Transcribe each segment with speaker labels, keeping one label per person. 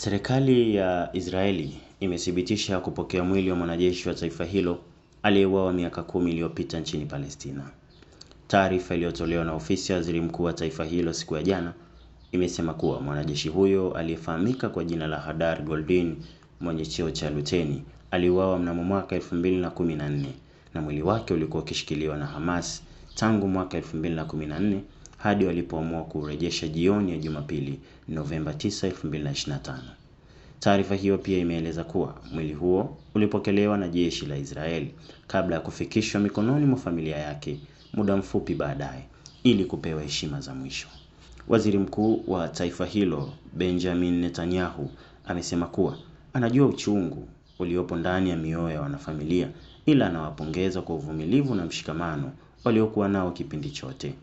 Speaker 1: Serikali ya Israeli imethibitisha kupokea mwili wa mwanajeshi wa taifa hilo aliyeuawa miaka kumi iliyopita nchini Palestina. Taarifa iliyotolewa na ofisi ya waziri mkuu wa taifa hilo siku ya jana imesema kuwa mwanajeshi huyo aliyefahamika kwa jina la Hadar Goldin mwenye cheo cha luteni aliuawa mnamo mwaka 2014 na mwili wake ulikuwa ukishikiliwa na Hamas tangu mwaka 2014 hadi walipoamua kurejesha jioni ya Jumapili, Novemba 9, 2025. Taarifa hiyo pia imeeleza kuwa mwili huo ulipokelewa na jeshi la Israeli kabla ya kufikishwa mikononi mwa familia yake muda mfupi baadaye ili kupewa heshima za mwisho. Waziri Mkuu wa taifa hilo, Benjamin Netanyahu, amesema kuwa anajua uchungu uliopo ndani ya mioyo ya wanafamilia ila anawapongeza kwa uvumilivu na mshikamano waliokuwa nao kipindi chote.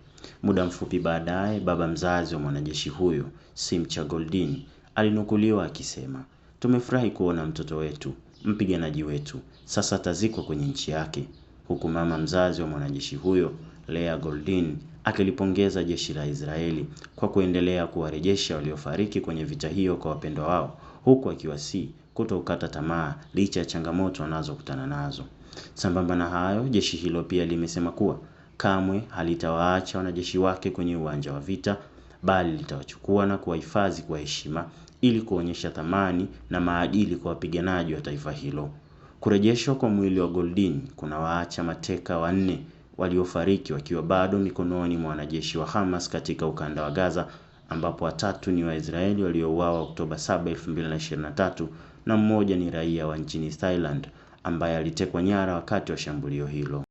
Speaker 1: Muda mfupi baadaye, baba mzazi wa mwanajeshi huyo, Simcha Goldin, alinukuliwa akisema, tumefurahi kuona mtoto wetu, mpiganaji wetu, sasa atazikwa kwenye nchi yake, huku mama mzazi wa mwanajeshi huyo, Lea Goldin, akilipongeza jeshi la Israeli kwa kuendelea kuwarejesha waliofariki kwenye vita hiyo kwa wapendwa wao, huku akiwasihi kutokata tamaa licha ya changamoto wanazokutana nazo. Sambamba na hayo, jeshi hilo pia limesema kuwa kamwe halitawaacha wanajeshi wake kwenye uwanja wa vita, bali litawachukua na kuwahifadhi kwa heshima ili kuonyesha thamani na maadili kwa wapiganaji wa taifa hilo. Kurejeshwa kwa mwili wa Goldin kunawaacha mateka wanne waliofariki wakiwa bado mikononi mwa wanajeshi wa Hamas katika ukanda wa Gaza, ambapo watatu ni Waisraeli waliouawa Oktoba 7, 2023 na mmoja ni raia wa nchini Thailand ambaye alitekwa nyara wakati wa shambulio hilo.